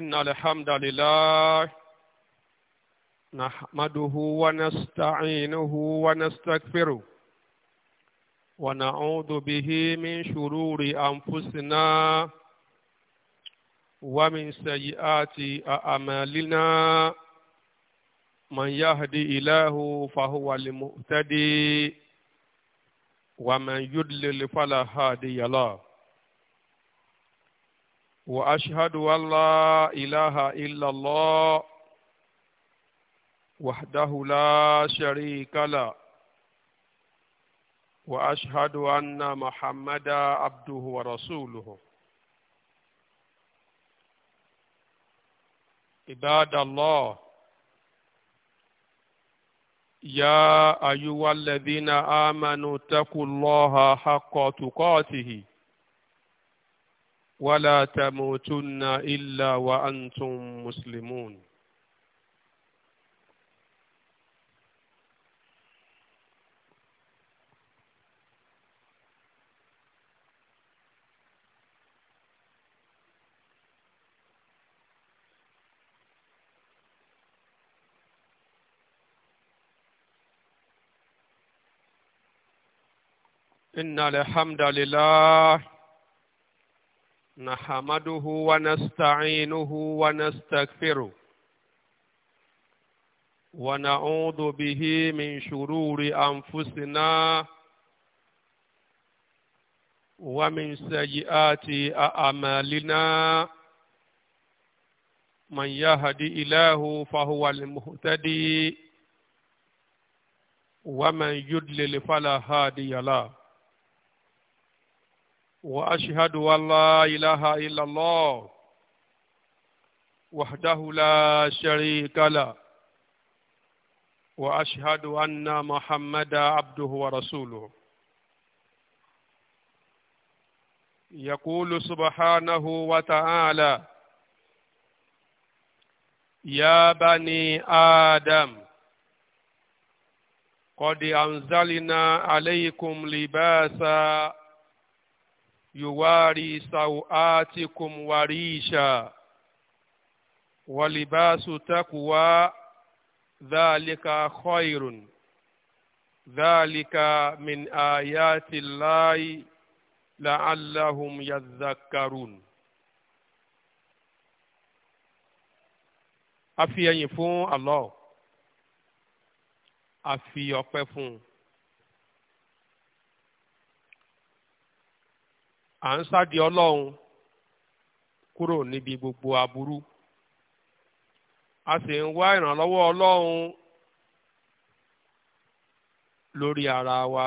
إن الحمد لله نحمده ونستعينه ونستغفره ونعوذ به من شرور أنفسنا ومن سيئات أعمالنا من يهدي إله فهو المهتدي ومن يدلل فلا هادي له واشهد ان لا اله الا الله وحده لا شريك له واشهد ان محمدا عبده ورسوله عباد الله يا ايها الذين امنوا اتقوا الله حق تقاته ولا تموتن إلا وأنتم مسلمون إن الحمد لله نحمده ونستعينه ونستغفره ونعوذ به من شرور أنفسنا ومن سيئات أعمالنا من يهدي إله فهو المهتدي ومن يدلل فلا هادي له واشهد ان لا اله الا الله وحده لا شريك له واشهد ان محمدا عبده ورسوله يقول سبحانه وتعالى يا بني ادم قد انزلنا عليكم لباسا يواري سوآتكم وريشا ولباس تقوى ذلك خير ذلك من آيات الله لعلهم يذكرون a fi ẹyìn fún Allah a fi ọpẹ́ fún un à ń sáde ọlọ́run kúrò níbi gbogbo aburú a sì ń wá ìrànlọ́wọ́ ọlọ́run lórí ara wa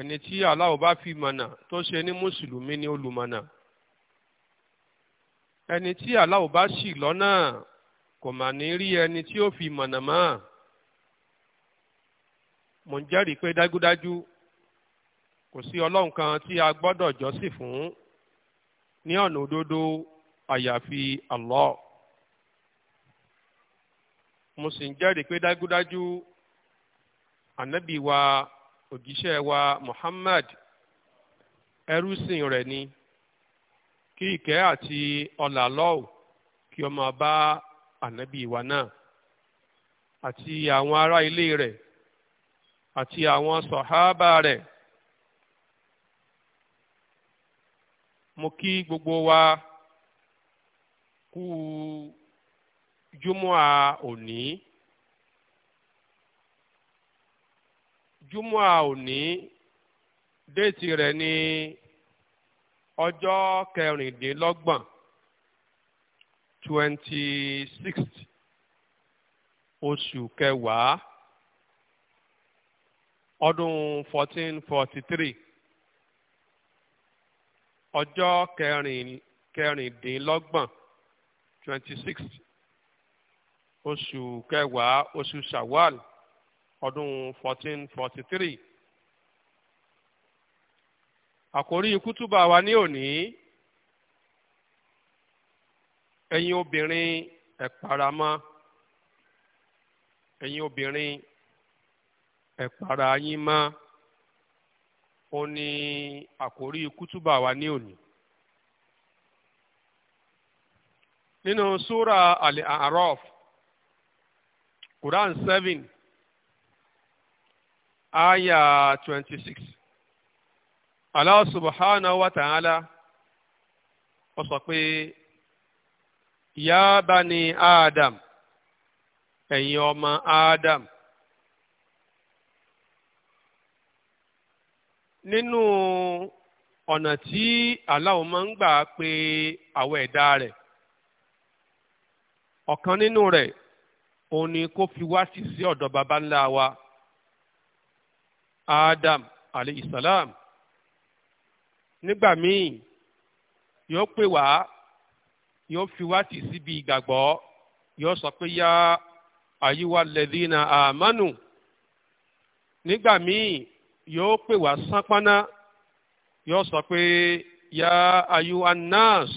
ẹni tí Allah bá fi mọ̀nà tó ṣe ní mùsùlùmí ní olùmọ̀nà ẹni tí Allah bá ṣì lọ́nà kò mà ní rí ẹni tí ó fi mọ̀nà mọ́ mo ń jẹ́rìí pé dájúdájú. kò sí ọlọ́run kan tí a gbọ́dọ̀ jọ́sìn fún ní ọ̀nà òdodo àyàfi Allah mo sì ń jẹ́rìí pé dájúdájú ànábì wa òjíṣẹ́ wa Muhammad ẹrúsìn rẹ̀ ni kí ìkẹ́ àti ọlà lọ́wọ́ kí ọmọ bá ànábì wa náà àti àwọn ará ilé rẹ̀ àti àwọn sọ̀hábà rẹ̀. mo kí gbogbo wa kú júmọ́ à òní júmọ́ à òní déètì rẹ̀ ní ọjọ́ kẹrìndínlọ́gbọ̀n twenty sixth oṣù kẹwàá ọdún fourteen forty three ọjọ́ kẹrin kẹrìndínlọ́gbọ̀n twenty six oṣù kẹwàá oṣù sawal, ọdún fourteen forty three àkórí kútùbà wa ní òní ẹ̀yin obìnrin ẹ para mọ́ ẹ̀yin obìnrin ẹ para ó ní àkórí kútúbà wa ní òní. nínú súra al-A'raf Quran seven aya twenty six Allah subhanahu wa ta'ala ó sọ pé ya bani Adam ẹ̀yin ọmọ Adam. nínú ọ̀nà tí Allah máa ń gbà pé àwọn ẹ̀dá rẹ̀ ọ̀kan nínú rẹ̀ òun ni kó fi wá sí sí ọ̀dọ̀ baba ńlá wa Adam aleyhisalaam nígbà míì yóò pè wá yóò fi wá sí síbi ìgbàgbọ́ yóò sọ pé yá ayíwá lẹ́dínà àmánù nígbà míì yóò pè wá sánpáná yóò sọ pé ya ayu anas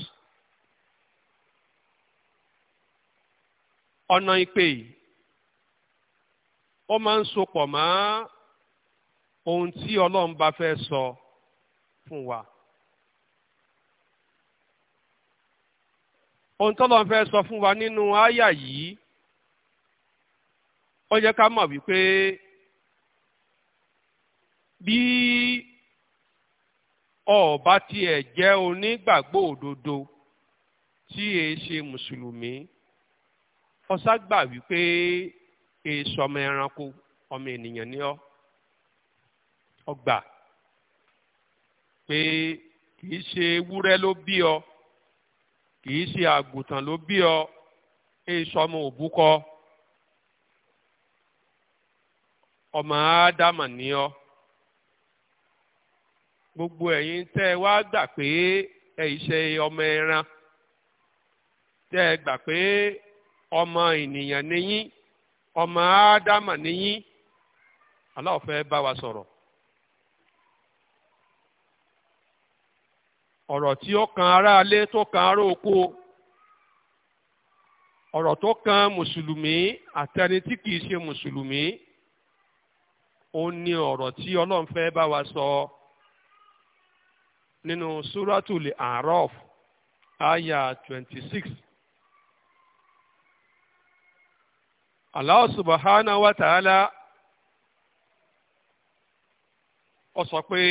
ọ̀nà ìpè ó máa ń sopọ̀ mọ́ ohun tí ọlọ́run bá fẹ́ sọ fún wa. ohun tọ́lọ́run fẹ́ sọ fún wa nínú àyà yìí ó yẹ ká mọ̀ wípé bí ọba tiẹ̀ jẹ́ onígbàgbọ́ òdodo tí e ṣe mùsùlùmí ọsá gbà wípé èso ọmọ ẹranko ọmọ ènìyàn ni ọ ọgbà pé kìí ṣe ewúrẹ́ ló bí ọ kìí ṣe àgùntàn ló bí ọ èso ọmọ òbúkọ ọmọ ádámà ni ọ gbogbo ẹ̀yin tẹ́ ẹ wá gbà pé ẹ ìṣe ọmọ ẹran tẹ́ ẹ gbà pé ọmọ ènìyàn nìyín ọmọ ádámà nìyín Allah fẹ́ bá wa sọ̀rọ̀. ọ̀rọ̀ tí ó kan aráalé tó kan ará oko ọ̀rọ̀ tó kan mùsùlùmí àtẹni tí kìí ṣe mùsùlùmí ó ní ọ̀rọ̀ tí ọlọ́run fẹ́ bá wa sọ. So nínú suratul A'raf aya twenty six. Allah subhanahu wa ta'ala ó sọ pé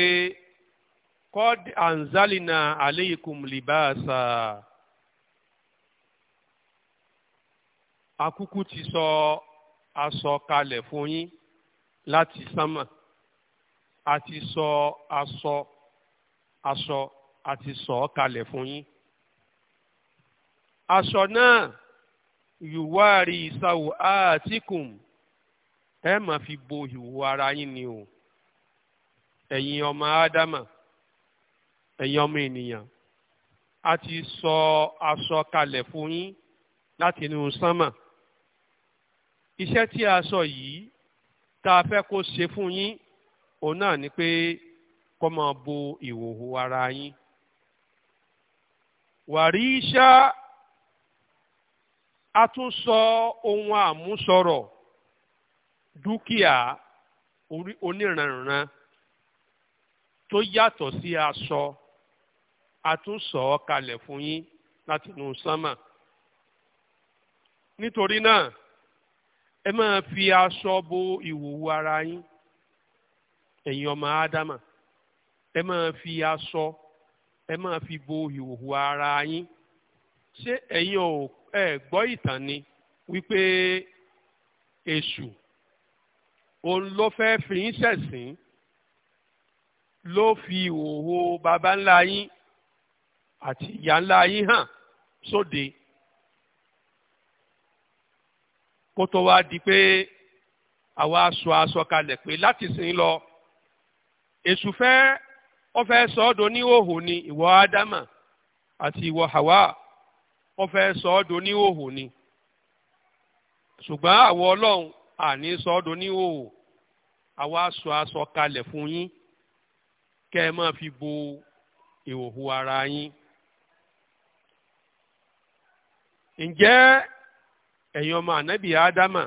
qad anzalina aleikum libasa akúkú ti sọ aṣọ kalẹ̀ fún yín láti sánmà àti sọ aṣọ aṣọ àti sọ ọ́ kalẹ̀ fún yín aṣọ náà yùwárí ìsàwò àtìkùn ẹ má fi bo ìwò ara yín ni o ẹ̀yin ọmọ ádámà ẹ̀yin ọmọ ènìyàn a ti sọ aṣọ kalẹ̀ fún yín láti inú sánmà iṣẹ́ tí a yìí tá a fẹ́ kó ṣe fún yín òun náà ni pé kọmọ máa bo ìhòhò ara yín wàríṣà a tún sọ ohun àmúsọ̀rọ̀ dúkìá oníranran tó yàtọ̀ sí aṣọ a tún sọ ọ́ kalẹ̀ fún yín láti inú sánmà nítorí náà ẹ máa fi aṣọ bo ìhòhò ara yín ẹ̀yin ọmọ ádámà. ẹ máa fi aṣọ ẹ máa fi bo ìhòòhò ara yín ṣé ẹ̀yin ò ẹ gbọ́ ìtàn ni wípé èṣù òun ló fẹ́ fi yín ṣẹ̀sín ló fi ìhòòhò baba ńlá yín àti ìyá ńlá yín hàn sóde kó tó wá di pé àwa aṣọ aṣọ kalẹ̀ pé láti sìn lọ èṣù fẹ́ ó fẹ́ sọ ọ́ doníhòhò ni ìwọ ádámà àti ìwọ hàwá ó fẹ́ sọ ọ́ doníhòhò ni ṣùgbọ́n àwọ ọlọ́run àní sọ ọ́ doníhòhò àwa sọ aṣọ kalẹ̀ fún yín kẹ́ ẹ máa fi bo ìhòhò ara yín. ǹjẹ́ ẹ̀yin ọmọ ànábì ádámà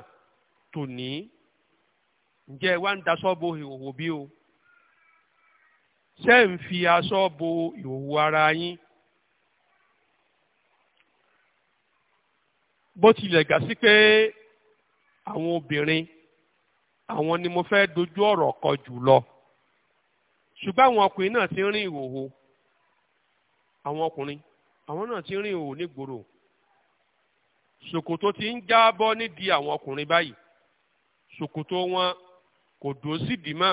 tòní ǹjẹ́ ẹ wá ń daṣọ́ bo ìhòhò bí o. ṣé ń fi aṣọ bo ìhòòhò ara yín. bó tilẹ̀ gà sí pé àwọn obìnrin àwọn ni mo fẹ́ dojú ọ̀rọ̀ kọ jù lọ ṣùgbọ́n àwọn ọkùnrin náà ti rìn ìhòòhò àwọn ọkùnrin àwọn náà ti rìn ìhòòhò nígboro ṣòkòtò ti ń jábọ́ nídìí àwọn ọkùnrin báyìí ṣòkòtò wọn kò dó sídìí mọ́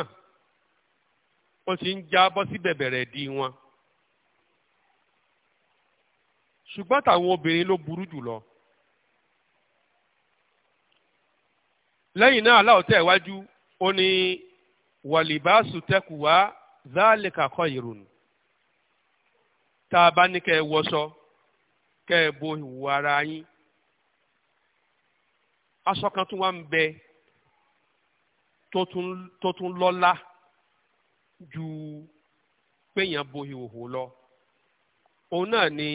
wọ́n sì ń jábọ́ sí bẹ̀bẹ̀rẹ̀ di wọn. ṣùgbọ́n tàwọn obìnrin ló burú jùlọ. lẹ́yìn náà aláwọ̀ tẹ̀ wájú ó ní wàlíbáṣu tẹ́kùwá zálìkà kọ́ ìrùn. tá a bá ní kẹ́ ẹ wọṣọ kẹ́ ẹ bo ìwà ara yín. aṣọ kan tún wá ń bẹ tó tún lọ́lá. ju péyàn bo ìhòhò lọ òun náà ni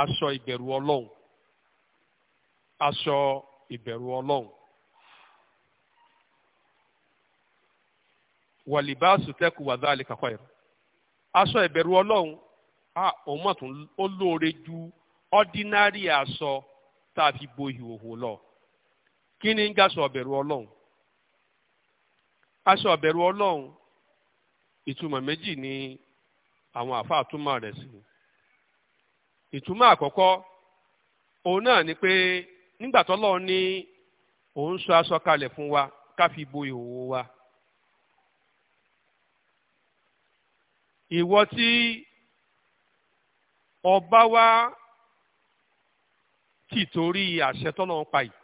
aṣọ ìbẹ̀rù ọlọ́run aṣọ ìbẹ̀rù ọlọ́run wàlíbáàsù tẹ́kù wà dáàlì kakọ́ ẹ̀rọ aṣọ ìbẹ̀rù ọlọ́run òun mọ̀ tún ó lóore ju ọ́dínárì aṣọ tá a fi bo ìhòhò lọ kí ni ń gaṣọ ìbẹ̀rù ọlọ́run aṣọ ìbẹ̀rù ọlọ́run ìtumọ̀ méjì ni àwọn àfáà túmọ̀ rẹ̀ sí ìtumọ̀ àkọ́kọ́ òun náà ni pé nígbà ní òun sọ aṣọ fún wa ká bo ìhòòhò wa ìwọ tí ọba wa tì torí àṣẹ pa yìí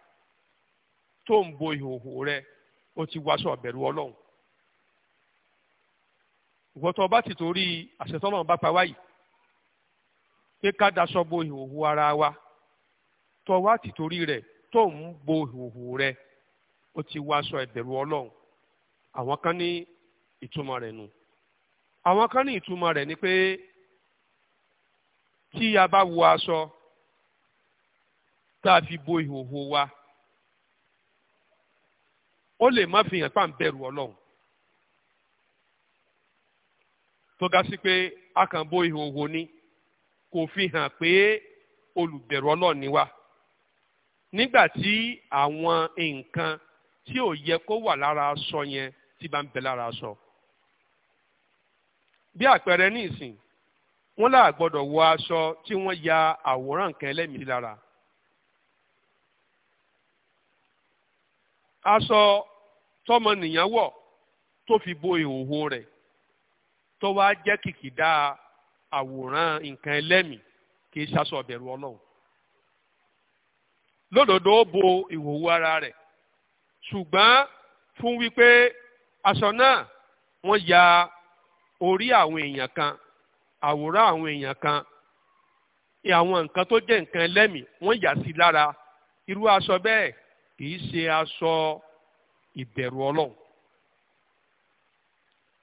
tó ń bo ìhòòhò rẹ ó ti ìwọ tó bá ti torí àṣetọ́lọ́run bá pa wáyì pé ká daṣọ bo ìhòòhò ara wa tó wá ti torí rẹ̀ tó ń bo ìhòòhò rẹ̀ ó ti wá aṣọ ìbẹ̀rù ọlọ́run àwọn kan ní ìtumọ̀ rẹ̀ nù àwọn kan ní ìtumọ̀ rẹ̀ ni pé tí a bá wọ aṣọ tá a fi bo ìhòòhò wa ó lè má fi hàn pà ọlọ́run tó ga sí pé a kàn bó ìhòòhò ni kò fi hàn pé olùbẹ̀rù Ọlọ́run ni wá nígbà tí àwọn nǹkan tí ò yẹ kó wà lára aṣọ yẹn tí bá ń bẹ lára aṣọ. bí àpẹẹrẹ ní ìsìn wọn là gbọ́dọ̀ wọ aṣọ tí wọ́n ya àwòrán nǹkan ẹlẹ́mìí lára. aṣọ tọmọnìyàn wọ̀ tó fi bo ìhòòhò rẹ̀ tó wá jẹ́ kìkìdá àwòrán nǹkan ẹlẹ́mìí kì í ṣaṣọ ọ̀bẹ̀rù ọlọ́run lódodo ó bo ìhòòhò ara rẹ̀ ṣùgbọ́n fún wípé aṣọ náà wọ́n ya orí àwọn èèyàn kan àwòrán àwọn èèyàn kan àwọn nǹkan tó jẹ́ nǹkan ẹlẹ́mìí wọ́n yà sí lára irú aṣọ bẹ́ẹ̀ kì í ṣe aṣọ ìbẹ̀rù ọlọ́run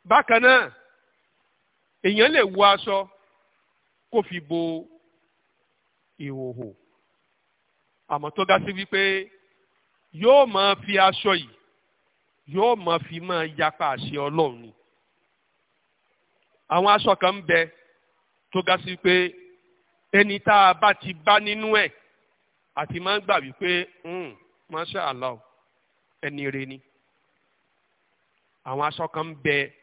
bákan náà èèyàn lè wọ aṣọ kó fi bo ìhòhò àmọ́ tó ga sí wípé yóò máa fi aṣọ yìí yóò máa fi máa yapa àṣẹ ọlọ́run ni àwọn aṣọ kan ń bẹ tó ga sí pé ẹni tá a bá ti bá nínú ẹ̀ àti máa ń gbà wípé hmm, masha Allah ẹni rẹ ni àwọn aṣọ kan ń bẹ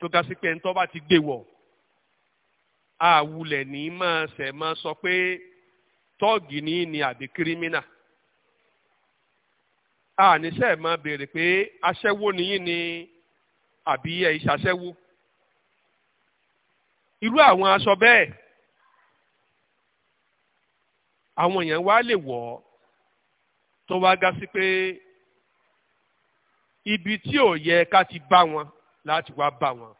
tó ga sí pé ẹni tó bá ti gbé wọ̀ àwùlẹ̀ ní máa ṣẹ̀ máa sọ pé tọ́ọ̀gì ní ni àbí kírímínà àníṣe máa béèrè pé aṣẹ́wó nìyí ni àbí ẹ̀ ìṣàṣẹ́wó irú àwọn aṣọ bẹ́ẹ̀ àwọn èèyàn wá lè wọ̀ tó wá ga sí pé ibi tí ò yẹ ká ti bá wọn láti wá bá wọn.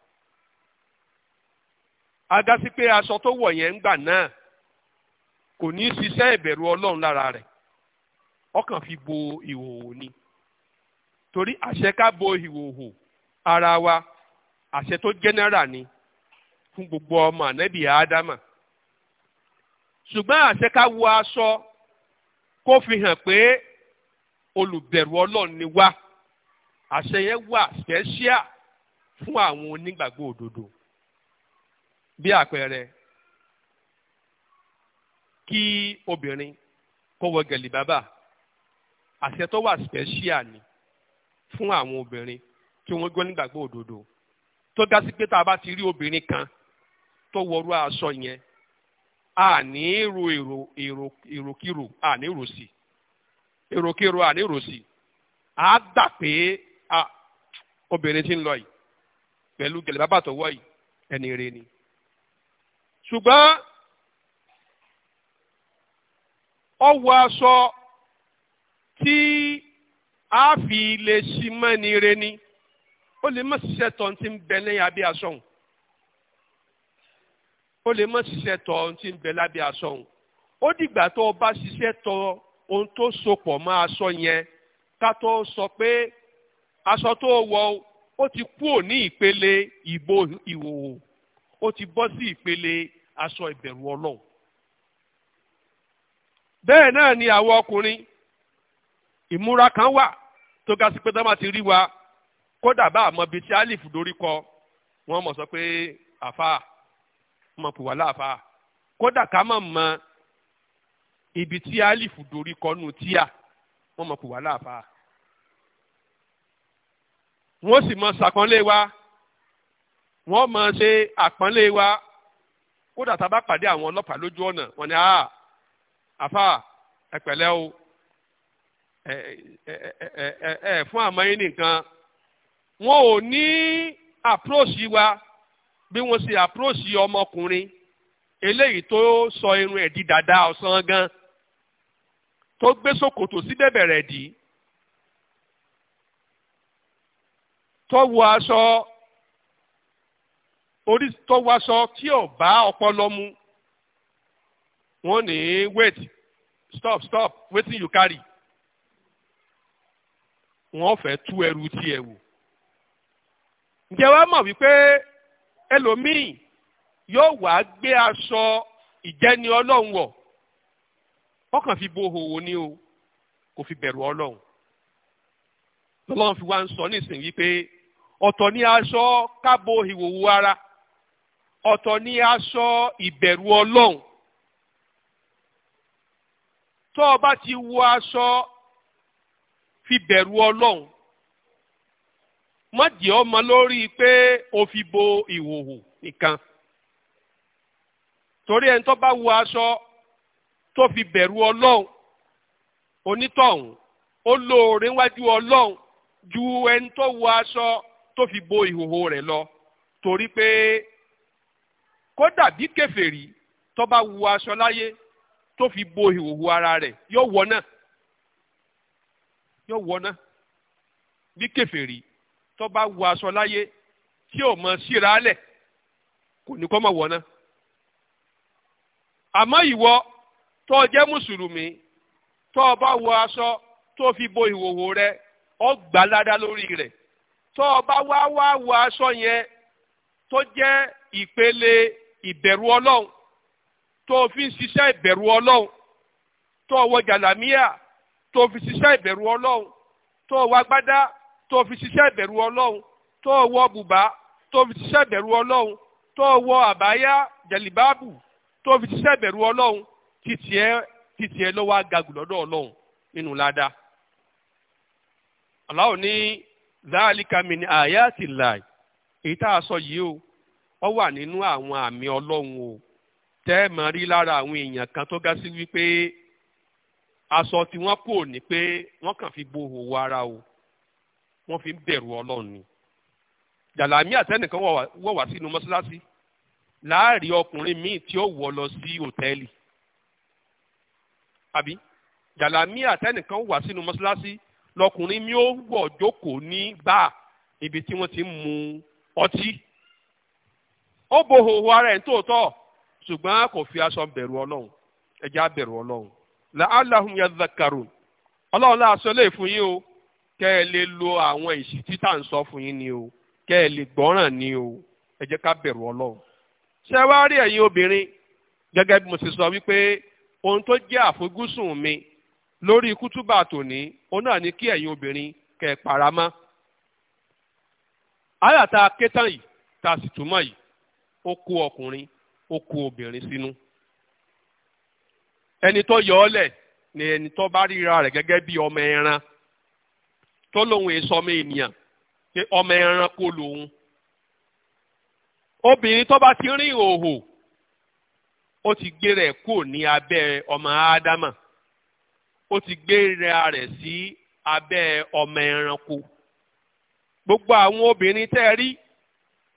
agasi pé aṣọ tó wọ̀ yẹn ń gbà náà kò ní í ṣiṣẹ́ ìbẹ̀rù ọlọ́run lára rẹ̀ ọkàn fi bo ìhòòhò ni torí àṣẹ ká bo ìhòòhò ara wa àṣẹ tó jẹ́nẹ́rà ni fún gbogbo ọmọ ànẹ́bí ádámà ṣùgbọ́n àṣẹ ká wọ aṣọ kó fi hàn pé olùbẹ̀rù ọlọ́run ni wá àṣẹ yẹn wà special fún àwọn onígbàgbọ́ òdodo bí àpẹẹrẹ kí obìnrin kó wọ gẹ̀lì bàbà àṣẹ tó wà spẹ́ṣíà ni fún àwọn obìnrin kí wọ́n gbọ́ nígbàgbọ́ òdodo tó dá sí pé tá a bá ti rí obìnrin kan tó wọrú aṣọ yẹn a ní èrò èrò èrò èròkírò a ní èrò sí èròkírò a ní èrò sí a gbà pé a obìnrin ti ń lọ yìí pẹ̀lú gẹ̀lẹ́ bàbá àtọwọ́ yìí ẹni rẹ ni. ṣùgbọ́n ọwọ́ aṣọ tí a fi lè ṣí mọ́ ẹni rẹ ni ó lè má ṣiṣẹ́ tọ́ ti ń bẹ lẹ́yìn abẹ́ aṣọ òun ó lè má ṣiṣẹ́ tọ́ ti ń bẹ lábẹ́ aṣọ òun ó dìgbà tó o bá ṣiṣẹ́ tọ́ ohun tó sopọ̀ mọ́ aṣọ yẹn ká tó sọ pé aṣọ tó wọ̀ ó ti kúò ní ìpele ìbò ìhòòhò ó ti bọ́ sí ìpele aṣọ ìbẹ̀rù ọlọ́run. bẹ́ẹ̀ náà ni àwọn ọkùnrin ìmúra kan wà tó ga sí pé tó máa ti rí wa kódà bá àmọ́ bíi tí alif dorí kọ wọ́n mọ̀ sọ pé àfáà mọ̀ pè wá láàfáà kódà ká mọ̀ mọ́ ibi tí alif dorí kọ nù tíà wọ́n mọ̀ pè wá láàfáà wọ́n sì máa ṣàpọ́nlé wa wọ́n máa ṣe àpọ́nlé wa kódà tá a bá pàdé àwọn ọlọ́pàá lójú ọ̀nà wọ́n ní àá ah, àfà ẹ pẹ̀lẹ́ o ẹ ẹ ẹ fún àmọ́ yín nìkan wọn ò ní àpúròṣì wa bí wọ́n ṣe àpúròṣì ọmọkùnrin eléyìí tó sọ irun ẹ̀ di dàda ọ̀sán gan tó gbé ṣòkòtò sí bẹ̀bẹ̀rẹ̀ dì í tọ́wọ́ aṣọ orí tọ́wọ́ aṣọ tí ò bá ọpọlọ mu wọ́n ní wait stop stop wetin you carry wọ́n fẹ́ tú ẹrù tiẹ̀ wò ǹjẹ́ wàá mọ̀ wípé ẹlòmíì yóò wá gbé aṣọ ìjẹni ọlọ́run wọ̀ wọ́n kàn fi bo òhòwò ni o kò fi bẹ̀rù ọlọ́run lọ́lọ́run fi wá ń sọ nísìnyí pé ọ̀tọ̀ ni aṣọ kábo ìwòwò ara ọ̀tọ̀ ni aṣọ ìbẹ̀rù ọlọ́run tó o bá ti wọ aṣọ fi bẹ̀rù ọlọ́run má jẹ́ ọmọ lórí pé o fi bo ìwòwò nìkan torí ẹni tó bá wọ aṣọ tó fi bẹ̀rù ọlọ́run onítọ̀hún ó lóore wájú ọlọ́run ju ẹni tó wọ aṣọ tó fi bo ìhòhò rẹ̀ lọ torí pé kódà bí kèfèrí tó bá wu aṣọ láyé tó fi bo ìhòhò ara rẹ̀ yóò wọ náà yóò wọ náà bí kèfèrí tó bá wu aṣọ láyé tí ò mọ síra lẹ̀ kò ní kọ́ mọ̀ wọ náà àmọ́ ìwọ tó jẹ́ mùsùlùmí tó bá wọ aṣọ tó fi bo ìhòhò rẹ̀ ó gbà ládá lórí rẹ̀ tó o bá wá wá wọ aṣọ yẹn tó jẹ́ ìpele ìbẹ̀rù ọlọ́run tó o fi ń ṣiṣẹ́ ìbẹ̀rù ọlọ́run tó o wọ jàlámíà tó o fi ṣiṣẹ́ ìbẹ̀rù ọlọ́run tó o wọ agbádá tó o fi ṣiṣẹ́ ìbẹ̀rù ọlọ́run tó o wọ bùbá tó o fi ṣiṣẹ́ ìbẹ̀rù ọlọ́run tó o wọ àbáyá jẹ̀lìbáàbù tó o fi ṣiṣẹ́ ìbẹ̀rù ọlọ́run títí ẹ títí ẹ lọ́wọ́ agagùn lọ́dọ̀ ọlọ́run nínú ládàá. Allah ní ذلك من آيات الله ايتا سو يو wa n'inu نينو ami امي o te ma ri lara awon eyan kan to ga si wipe aso ti won ko ni pe won kan fi bo owo ara o won fi beru olorun ni dalami ateni kan wa wa sinu masalasi laari okunrin mi ti o wo lo si hoteli abi dalami ateni kan wa sinu masalasi lọkùnrin mi ó wọ̀ jókòó ibi tí wọ́n ti ń mu ọtí. ó bo hòhò ara ẹ̀ ń tòótọ́ ṣùgbọ́n kò fi aṣọ bẹ̀rù ọlọ́run ẹja bẹ̀rù ọlọ́run la'allahum yadhakkarun ọlọ́run náà sọ o kẹ́ ẹ lo àwọn títà ń o kẹ́ ẹ lè ni o ká bẹ̀rù ọlọ́run. ẹ̀yin sọ wípé ohun tó jẹ́ àfojúsùn lórí kútúbà tòní òun náà ní kí ẹ̀yin obìnrin kẹ̀ para mọ́. àyàtà kétàn yìí tá a sì túmọ̀ yìí ó kó ọkùnrin ó kó obìnrin sínú. ẹni tó yọ ọ́ lẹ̀ ni ẹni tó bá ríra rẹ̀ gẹ́gẹ́ bí ọmọ ẹran tó lóun èso ọmọ ènìyàn pé ọmọ ẹran kó lòun. obìnrin tó bá ti rìn òhò ó ti gbé rẹ̀ kúrò ní abẹ́ ọmọ ádámà. ó ti gbéra rẹ̀ sí abẹ́ ọmọ ẹranko gbogbo àwọn obìnrin tẹ́ ẹ rí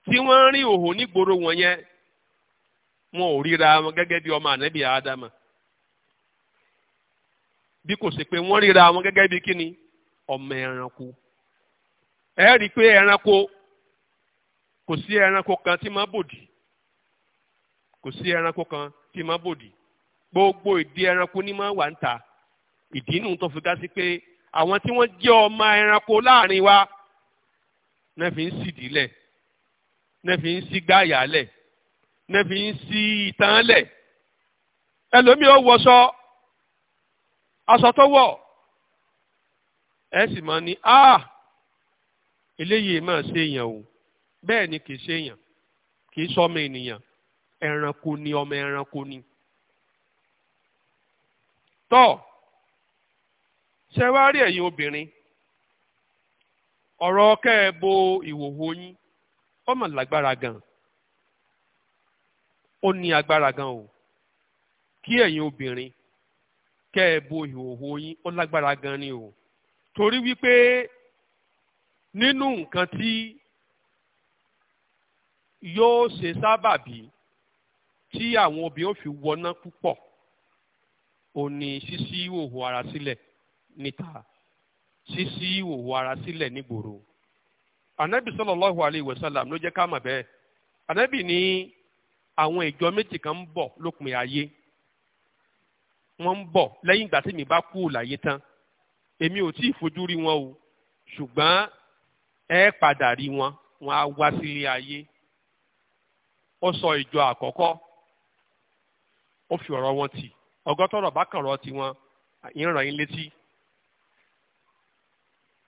tí wọ́n ń rí òhò nígboro wọn yẹn wọn ò ríra wọn gẹ́gẹ́ bí ọmọ ànábì ádámà bí kò sí pé wọ́n ríra wọn gẹ́gẹ́ bí kíni ọmọ ẹranko ẹ rí pé ẹranko kan tí máa bòdì kò sí ẹranko kan tí máa gbogbo ìdí ẹranko ni máa wà ìdínú tó fi dá sí pé àwọn tí wọ́n jẹ́ ọmọ ẹranko láàrin wa náà fi ń sídìílẹ̀ náà fi ń sí gbáyàálẹ̀ náà fi ń sí ìtànlẹ̀ ẹlòmíì ó wọṣọ aṣọ tó wọ̀ ẹ sì máa ní a ah, eléyìí máa ṣe èèyàn o bẹ́ẹ̀ ni kì í ṣe èèyàn kì í sọmọ ènìyàn ẹranko ni ọmọ ẹranko ni tọ́ọ̀ ṣe wá rí ẹ̀yin obìnrin ọ̀rọ̀ kẹ́ ẹ bo ìwòwò yín ó mà lágbára gan ó ní agbára gan o kí ẹ̀yin obìnrin kẹ́ ìwòwò yín ó lágbára gan ni o torí wípé nínú nǹkan tí yóò ṣe sábàbí tí àwọn obìnrin ò fi wọná púpọ̀ ò ṣíṣí ìhòòhò ara sílẹ̀. Si níta ṣíṣí ìwòwò ara sílẹ̀ nígboro anabi sallallahu alayhi wa sallam ló jẹ́ ká mọ̀ bẹ́ẹ̀ anabi ní àwọn ìjọ méjì kan ń bọ̀ lópin ayé wọ́n ń bọ̀ lẹ́yìn ìgbà tí mi bá kú láyé tán èmi ò tí ì fojú rí wọn o ṣùgbọ́n ẹ padà rí wọn wọn á wá sílé ayé ó sọ ìjọ àkọ́kọ́ ó fi ọ̀rọ̀ wọn tì ọgọ́tọ̀rọ̀ bá kàn rọ tiwọn ìran yín létí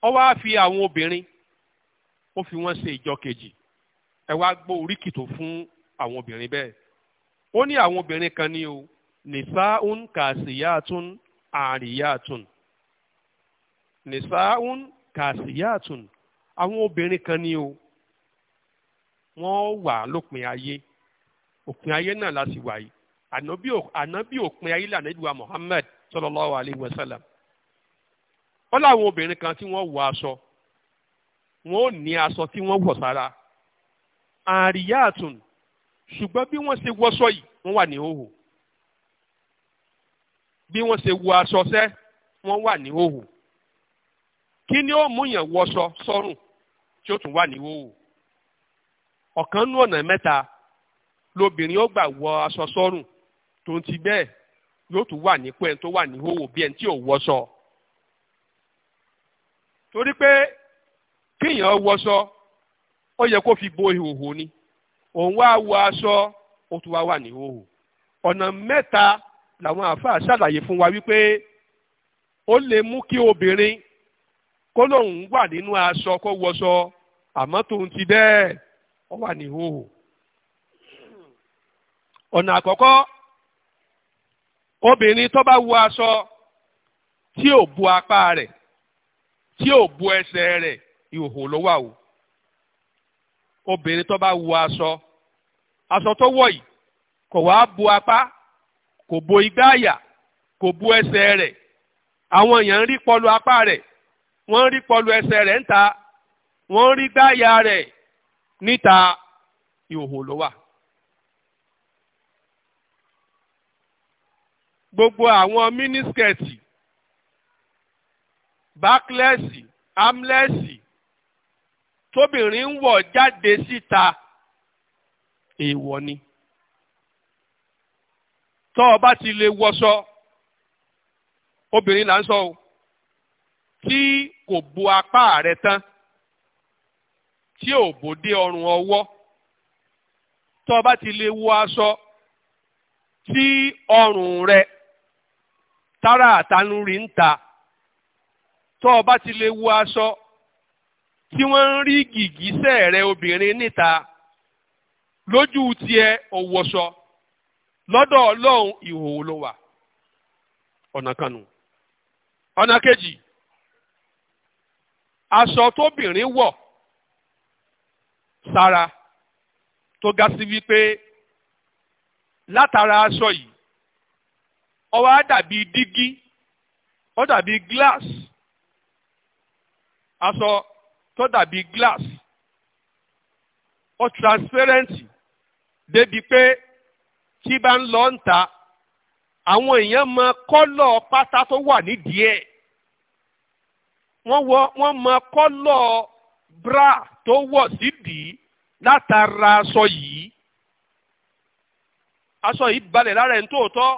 ó wá fi àwọn obìnrin ó fi wọ́n ṣe ìjọ kejì ẹ wá gbọ́ oríkì tó fún àwọn obìnrin bẹ́ẹ̀ ó ní àwọn obìnrin kan ní o nìsáún kàṣíyàtún àríyàtún nìsáún kàṣíyàtún àwọn obìnrin kan ní o wọ́n wà lópin ayé òpin ayé náà la sì ànábì òpin ayé lànà ìdúwà Muhammad sallallahu alayhi wa sallam. ó láwọn obìnrin kan tí wọ́n wọ aṣọ wọn ò ní aṣọ tí wọ́n wọ̀ sára àríyá ṣùgbọ́n bí wọ́n ṣe wọṣọ yìí wọ́n wà ní hòhò bí wọ́n ṣe wọ aṣọ sẹ́ wọ́n wà ní hòhò kí ni ó mú yàn wọṣọ sọ́rùn tí ó tún wà ní hòhò ọ̀kan nú ọ̀nà mẹ́ta ó gbà wọ aṣọ sọ́rùn torí pé kíyàn wọṣọ ó yẹ kó fi bo ìhòhò ni òun wá wọ aṣọ ó tún wá wà ní ìhòhò ọ̀nà mẹ́ta làwọn àáfàá ṣàlàyé fún wa wípé ó lè mú kí obìnrin kó lóun wà nínú aṣọ kó wọṣọ àmọ́ tóun ti bẹ́ẹ̀ ó wà ní ìhòhò bu apá rẹ̀ tí ò bu ẹsẹ̀ rẹ̀ ìhòhò ló wà o obìnrin tó bá wọ aṣọ aṣọ tó wọ̀ yìí kò wá bu apá kò bo igbá àyà kò bu ẹsẹ̀ rẹ̀ àwọn èèyàn ń rí pọ̀lú apá rẹ̀ wọ́n ń rí pọ̀lú ẹsẹ̀ rẹ̀ níta wọ́n ń rí gbáàyà rẹ̀ níta ìhòhò ló wà. gbogbo àwọn mínísíkẹ̀tì báklẹ́sì amlẹ́sì tóbìnrin ń wọ̀ jáde síta èèwọ̀ ni tọ́ ọ bá ti lè wọṣọ obìnrin là ń sọ o tí kò bo apá rẹ tán tí ò bò dé ọrùn ọwọ́ tọ́ ọ bá ti lè wọ aṣọ tí ọrùn rẹ tára àtanú rí ń ta. tọ ọba bá ti lè wo aṣọ tí wọ́n ń rí gìgísẹ̀ rẹ obìnrin níta lójú tiẹ̀ òwòṣọ lọ́dọ̀ ọlọ́run ìhòòhò ló wà ọ̀nà kanu ọ̀nà kejì aṣọ tóbìnrin wọ̀ sára tó ga sí wípé látara aṣọ yìí ó wá dàbí dígí ó dàbí gíláàsì aṣọ tó dàbí glass ó transparent débi pé tí bá ń lọ ń ta àwọn èèyàn mọ kọ́lọ̀ pátá tó wà nídìí ẹ̀ wọ́n wọ wọ́n mọ kọ́lọ̀ bra tó wọ̀ sídìí látara aṣọ yìí aṣọ yìí balẹ̀ lára ẹ̀ ń tòótọ́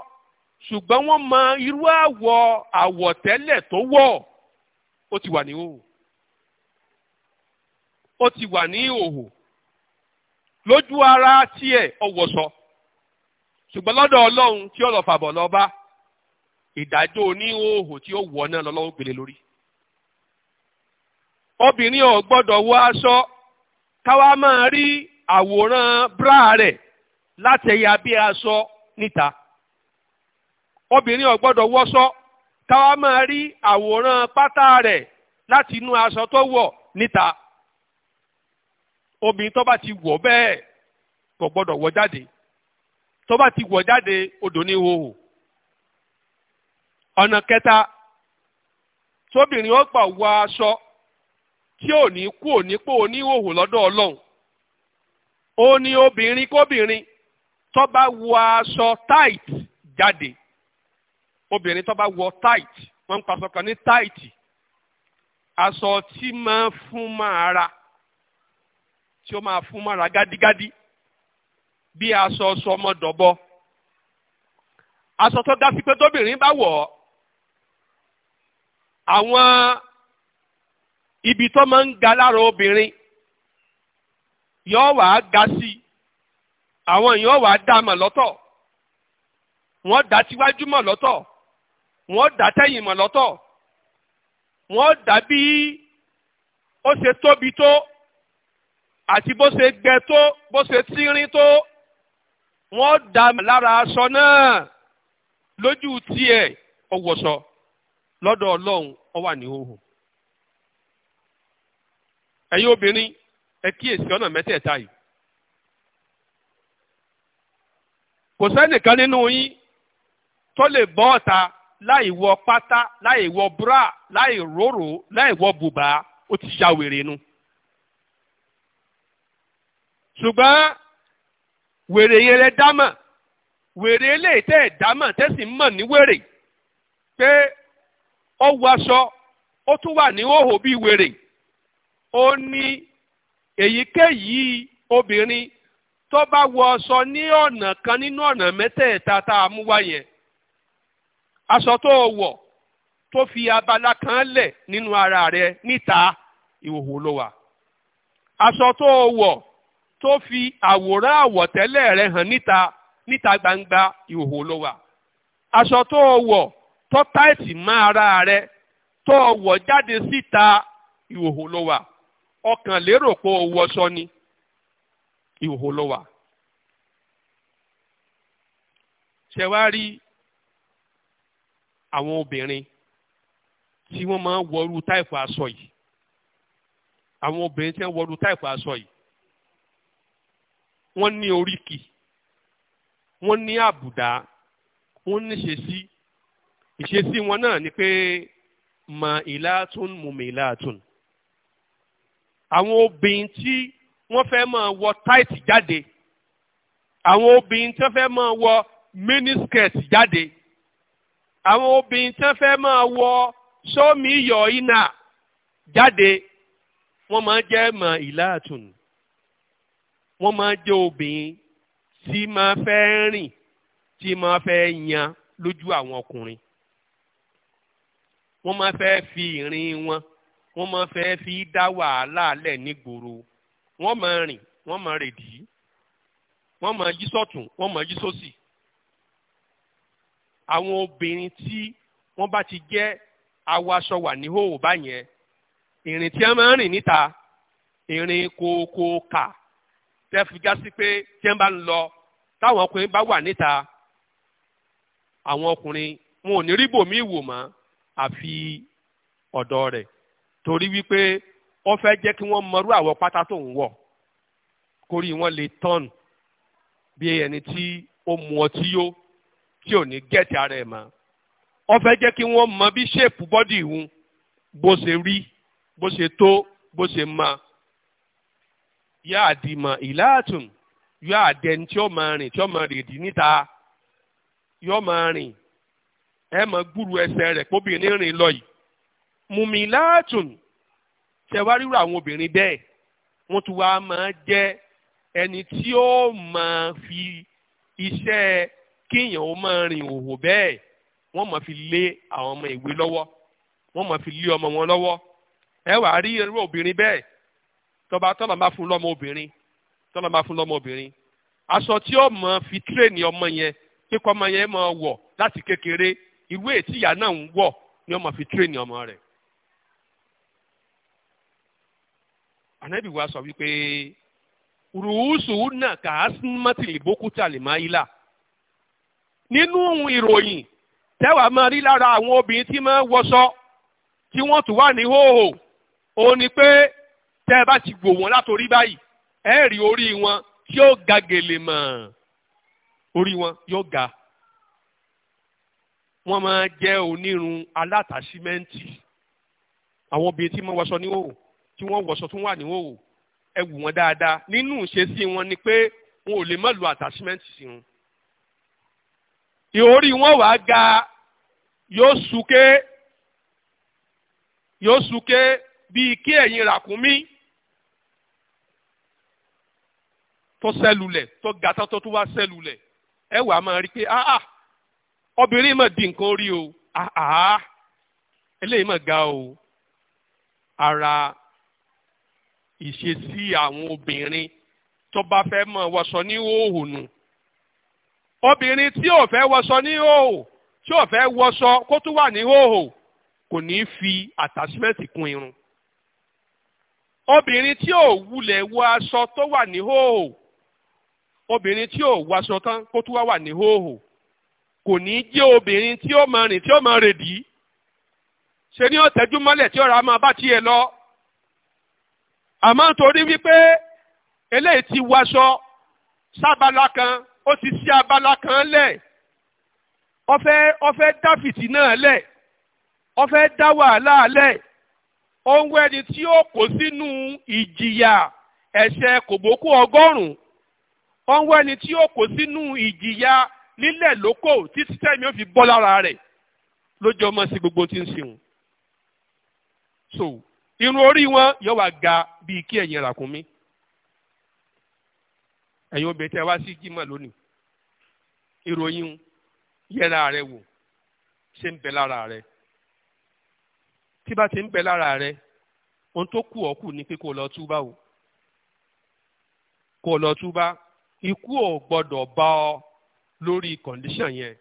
ṣùgbọ́n wọ́n mọ irú àwọ̀ àwọ̀tẹ́lẹ̀ tó wọ̀ ó ti wà níhòòhò ó ti wà ní ìhòhò lójú ara tiẹ̀ ọ̀wọ̀sọ ṣùgbọ́n lọ́dọ̀ ọlọ́run tí ó lọ fàbọ̀ lọ bá ìdájọ́ oníhòhò tí ó wọ̀ náà lọ́lọ́run gbélé lórí. obìnrin ò gbọ́dọ̀ wọ aṣọ káwa máa rí àwòrán bra rẹ̀ látẹ̀yà bí aṣọ níta obìnrin ò gbọ́dọ̀ wọṣọ káwa máa rí àwòrán pátá rẹ̀ láti inú aṣọ tó wọ̀ níta. obìnrin tó bá ti wọ̀ bẹ́ẹ̀ kò gbọ́dọ̀ wọ jáde tó bá ti wọ̀ jáde odò ní ihò ọ̀nà kẹta tóbìnrin ó gbà wọ aṣọ tí ò ní kú ò pò oníhòhò lọ́dọ̀ ó ní obìnrin kóbìnrin tó bá wọ aṣọ tight jáde obìnrin tó wọ tight ń pa aṣọ kan ní tight aṣọ tí ó máa fún mọ́ra gádígádí bí aṣọ sọmọdọ̀bọ aṣọ tó dá sí pé tóbìnrin bá wọ̀ ọ́ àwọn ibi tó máa ń ga lára obìnrin yóò wá ga sí àwọn èèyàn wá dá mọ̀ lọ́tọ̀ wọ́n dá tíwájú mọ̀ lọ́tọ̀ wọ́n dá tẹ̀yìn mọ̀ lọ́tọ̀ wọ́n dá bí ó ṣe tóbi tó àti bó ṣe gbẹ tó bó ṣe tírín tó wọ́n dá lára aṣọ náà lójú tiẹ̀ ọwọ́sọ lọ́dọ̀ ọlọ́run ó wà ní òhù. ẹ̀yin obìnrin ẹ kíyèsí ọ̀nà mẹ́tẹ̀ẹ̀ta yìí. kò sẹ́nìkan nínú yín tó lè bọ́ ọ̀ta láì wọ pátá láì wọ búrà láì róró láì wọ bùbá ó ti ya wèrè nu. ṣùgbọ́n wèrè yẹn lẹ dámọ̀ wèrè eléyìí tẹ́ ẹ̀ dámọ̀ tẹ́sí mọ̀ ní wèrè pé ó wọ aṣọ ó tún wà ní òhò bíi wèrè ó ní èyíkéyìí obìnrin tó bá wọ aṣọ ní ọ̀nà kan nínú ọ̀nà mẹ́tẹ̀ẹ̀ta tá a mú wá yẹn aṣọ tó o wọ̀ tó fi abala kan lẹ̀ nínú ara rẹ níta ìhòhò ló wà aṣọ tó o wọ̀ tó fi àwòrán àwọ̀tẹ́lẹ̀ rẹ̀ hàn níta níta gbangba ìhòòhò ló wà aṣọ tó o wọ̀ tó táìtì mọ́ ara rẹ̀ tó o wọ̀ jáde síta ìhòòhò ló wà ọkàn lérò pé o wọṣọ ni ìhòòhò ló wà. ṣe wá rí àwọn obìnrin tí wọ́n máa ń wọrú táìpù aṣọ yìí àwọn obìnrin tí wọ́n wọrú táìpù aṣọ yìí wọ́n ní oríkì wọ́n ní àbùdá wọ́n ní ṣesí ìṣesí wọn náà ni pé mọ ìlàtún mùmí ìlàtún àwọn obìnrin tí wọ́n fẹ́ máa wọ táìtì jáde àwọn obìnrin tí wọ́n fẹ́ máa wọ miniskirt jáde àwọn obìnrin tí wọ́n fẹ́ máa wọ sómi iyọ̀ iná jáde wọ́n máa jẹ́ mọ ìlàtún wọ́n máa jẹ́ obìnrin tí máa fẹ́ rìn tí máa fẹ́ yan lójú àwọn ọkùnrin wọ́n máa fẹ́ fi ìrìn wọn wọ́n máa fẹ́ fi dá wàhálà lẹ̀ nígboro wọ́n máa rìn wọ́n máa rèdí wọ́n máa yí sọ́tún wọ́n máa yí sósì àwọn obìnrin tí wọ́n bá ti jẹ́ awọ wà ní báyẹn ìrìn tí a máa rìn níta ìrìn kòkòkà tẹ́ fi já sí pé tí wọ́n bá ń lọ táwọn ọkùnrin bá wà níta àwọn ọkùnrin wọn ò ní rí bòmí wò mọ́ àfi ọ̀dọ̀ rẹ̀ torí wípé ó fẹ́ jẹ́ kí wọ́n mọrú àwọ̀ pátá tó ń wọ̀ kórí wọn lè tọ́n bí ẹni tí ó mu ọtí yó tí ò ní gẹ̀ẹ́tì ara ẹ̀ mọ́ ó fẹ́ jẹ́ kí wọ́n mọ bí ṣéèpù bọ́dì ìhun bó ṣe rí bó ṣe tó bó ṣe máa yá àdìmọ̀ ìlàtùn yóò àdẹni tí ó máa rìn tí ó máa rèdí níta yóò máa rìn ẹ máa gbúrú ẹsẹ̀ rẹ̀ kóbìnrin rìn lọ yìí mùmí ìlàtùn ṣe wá ríro àwọn obìnrin bẹ́ẹ̀ wọ́n tún wá máa jẹ́ ẹni tí ó máa fi iṣẹ́ kíyàn ó máa rìn òhò bẹ́ẹ̀ wọ́n máa fi lé àwọn ọmọ ìwé lọ́wọ́ wọ́n máa fi lé ọmọ wọn lọ́wọ́ ẹ wàá rí irú obìnrin bẹ́ẹ̀ tọba tọ́lọ̀ máa fún lọ́mọ obìnrin tọ́lọ̀ máa fún lọ́mọ obìnrin aṣọ tí ó mọ fi tírèènì ọmọ yẹn kíkọ́ ọmọ yẹn mọ wọ̀ láti kékeré ìwé tí ìyá náà ń wọ̀ ni ó mọ fi tírèènì ọmọ rẹ̀. ànábì wa sọ wípé rùúsù náà kàásímọ́tìlì bókútà lè máa yílà nínú ìròyìn tẹ́wàá máa rí lára àwọn obìnrin tí máa wọṣọ tí wọ́n tún wà ní hóhò òun ni pé tẹ́ ẹ bá ti wò wọ́n látòrí báyìí ẹ rí orí wọn tí ó ga gèlè mọ̀ orí wọn yóò ga wọ́n máa jẹ́ onírun alátàsímẹ́ǹtì àwọn obìnrin tí wọ́n wọṣọ ní òwò tí wọ́n wọṣọ tún wà ní òwò ẹ wù wọ́n dáadáa nínú ìṣesí wọn ni pé wọn ò lè má lo àtàsímẹ́ǹtì sí wọn. ìhórí wọn wàá ga yóò súké yóò súké bíi kí ẹ̀yìn ràkúnmí. tó sẹ́lulẹ̀ tó ga tó tó wá sẹ́lulẹ̀ ẹ wàá máa rí i pé áá ah, ah, obìnrin mà di nǹkan orí o áá ah, eléyìí mà ga o ara ìṣesí àwọn obìnrin tó bá fẹ́ mọ̀ wọṣọ ní hóhò nù obìnrin tí ò fẹ́ wọṣọ ní hóhò tí ò fẹ́ wọṣọ kó tún wà ní hóhò kò ní fi àtàsímẹ́ǹtì kún irun obìnrin tí ò wulẹ̀ wọ aṣọ tó wà ní hóhò obìnrin tí ò wáṣọ tán kó tún wá wà ní hóhò kò ní í jẹ́ obìnrin tí ó máa rìn tí ó máa rèdí ṣe ni ó tẹ́jú mọ́lẹ̀ tí ọ̀rọ̀ máa bá tiẹ̀ lọ àmọ́ torí wípé eléyìí ti wáṣọ sábàlá kan ó ti sí abala kan lẹ̀ ó fẹ́ dá fìtì náà lẹ̀ ó dá wàhálà lẹ̀ ó ń tí ó kó sínú ìjìyà ẹ̀ṣẹ̀ kòbókù ọgọ́rùn ó ń wá ẹni tí ó kó sínú ìjìyà lílẹ̀ lóko títí tẹ́mi ó fi bọ́ lára rẹ̀ lójú ọmọ sí gbogbo tí ń sìn so irun orí wọn yóò wá ga bíi kí ẹ̀yìn ràkúnmí ẹ̀yin obìnrin tẹ́ wá sí jimá lónìí ìròyìn yẹra rẹ wò ṣe ń bẹ lára rẹ tí bá ti ń bẹ lára rẹ ohun tó kù ọ́ kù ni pé kó lọ túbá o kó lọ túbá ikú ò gbọ́dọ̀ bá ọ lórí kọ̀ǹdíṣàn yẹn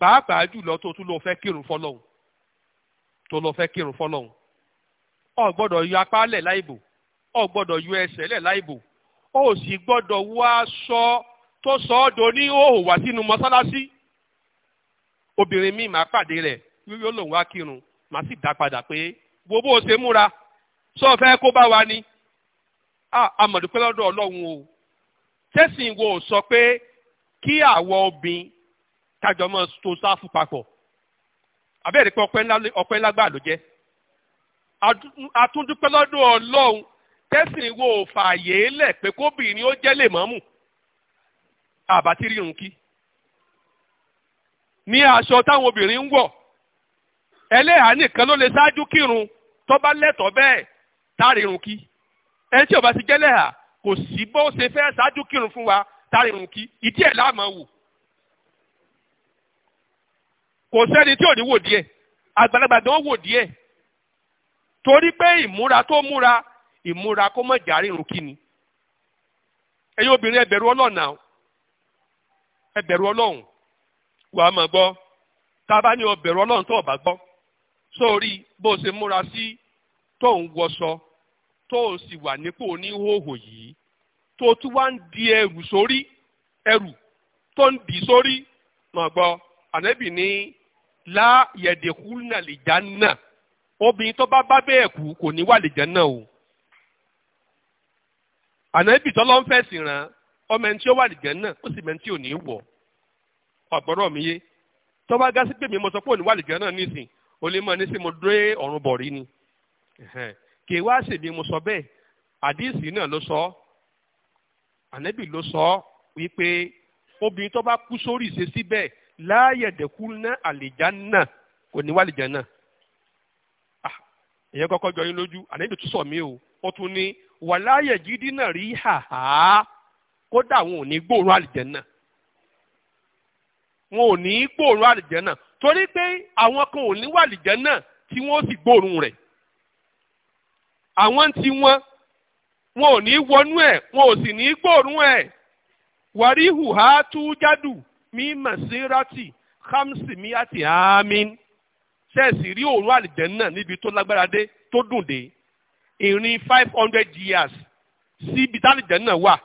pàápàá jùlọ tó tún lọ fẹ́ kírun fọlọ́hún tó lọ fẹ́ kírun fọlọ́hún ọ gbọ́dọ̀ yọ apá lẹ̀ láìbò ọ gbọ́dọ̀ yọ ẹsẹ̀ lẹ̀ láìbò ó sì gbọ́dọ̀ wá aṣọ tó sọ ọ́ do ní òhò wá sínú mọ́sálásí obìnrin míì máa pàdé rẹ̀ yóò lòun wá kírun màá sì dá padà pé wo bó o ṣe múra sọ fẹ́ kó bá wa ni. amọ̀dúpẹ́ lọ́dọ̀ ọlọ́run o tẹ́sìn wo sọ pé kí àwọ̀ obìn kájọ mọ́ tó sáfù papọ̀ àbẹ́rẹ́ pé ọpẹ́ ńlá ló jẹ́ àtúndúpẹ́ lọ́dọ̀ ọlọ́run tẹ́sìn wo fààyè lẹ̀ pé kóbìnrin ó jẹ́ lè mọ́mù àbátí rírun kí ní aṣọ táwọn obìnrin ń wọ̀ ẹlẹ́hàá nìkan ló lè ṣáájú kírun lẹ́tọ̀ọ́ bẹ́ẹ̀ tá kí. ẹni ọba ò bá ti jẹ́lẹ̀ hà kò sí bó ṣe fẹ́ ṣáájú kírun fún wa tàrí irun kí ìdí ẹ̀ láàmú wò kò sẹ́ni tí ò ní wò díẹ̀ àgbàlagbà gan wò díẹ̀ torí pé ìmúra tó múra ìmúra kó mọ̀ járe irun kí ni ẹ̀yin obìnrin ẹ bẹ̀rù ọlọ́ọ̀nà ẹ bẹ̀rù ọlọ́run wàá máa gbọ́ tábà ní ọ bẹ̀rù ọlọ́run tó ọba gbọ́ sórí bó ṣe múra sí tó ń wọṣọ tó o sì wà nípò oníhòòhò yìí tó o tún wá ń di ẹrù sórí ẹrù tó ń dì sórí mọ̀ gbọ́ ànábì ní láyẹ̀dẹ̀kúnà lè já náà obìnrin tó bá bá bẹ́ẹ̀ kú kò ní wà lè jẹ́ náà o ànábì tọ́lọ́ ń fẹ̀sìn rán ọmọ ẹni tí ó wà lè jẹ́ náà ó sì mẹ́ni tí ò ní wọ̀ ọ̀gbọ́rọ̀ mi yé tó bá gá sí pé mi mo sọ pé òní wà lè jẹ́ náà nísìn o mọ̀ ní sí mo dé ọ̀run bọ̀ rí ni kì í wá sì ni mo sọ bẹ́ẹ̀ àdìsí náà ló sọ ànábì ló sọ wípé obìnrin tó bá kú sórí ìṣesí bẹ́ẹ̀ láàyẹ̀dẹ̀kú ná àlìjánà kò ní wàlìjánà èyàn ah, kọ́kọ́ jọ yín lójú ànábì tún sọ mí o ó tún ní wàláyẹ̀jídí náà rí hàhá kódà wọn ò ní gbòòrùn àlìjánà wọn ò ní gbòòrùn àlìjánà torí pé àwọn kan ò ní wàlìjánà tí wọn ó sì gbòòrùn rẹ̀ àwọn ti wọn wọn ò ní wọnú ẹ̀ wọn ò sì ní gbòòrùn ẹ̀ wàríhù ha tú jádù mí màsírátì hamsi mi àti amin ṣẹ́ẹ̀sì rí òórùn àlìjẹ́nnà níbi tó lágbára dé tó dùn dé ìrìn five hundred years síbi tálìjẹ́nnà wà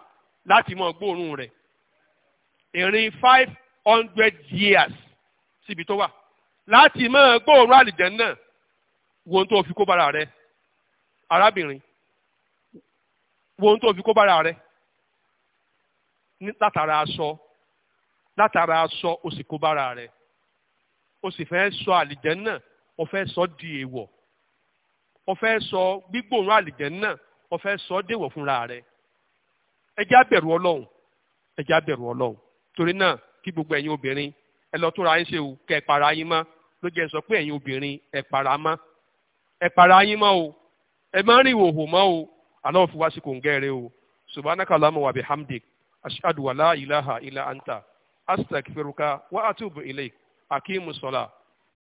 láti mọ gbóòórùn rẹ̀ ìrìn five hundred years síbi tó wà láti mọ gbóòórùn àlìjẹ́nnà wo ohun tó fi kó bára rẹ̀ arábìnrin wo ohun tó fi kó bára rẹ látara aṣọ látara aṣọ o sì kó bára rẹ o sì fẹ́ sọ àlìjẹ́nnà o fẹ́ sọ di èèwọ̀ o fẹ́ sọ gbígbòòrùn àlìjẹ́nnà o fẹ́ sọ déèwọ̀ fúnra rẹ ẹ jẹ́ ọlọ́run ẹ jẹ́ ọlọ́run torí náà kí gbogbo ẹ̀yin obìnrin ẹ lọ tó yín ṣe kẹ́ ẹ para yín mọ́ ló jẹ́ sọ pé ẹ̀yin obìnrin ẹ para mọ́ ẹ para yín mọ́ o ẹ má rìn ìhòhò mọ́ o aláwọ̀ fi wá sí kòǹgẹ́rẹ́ o subhanaka lamu wa bihamdik ashadu wa la ilaha illa anta astaghfiruka wa atubu ilayk akimu salat.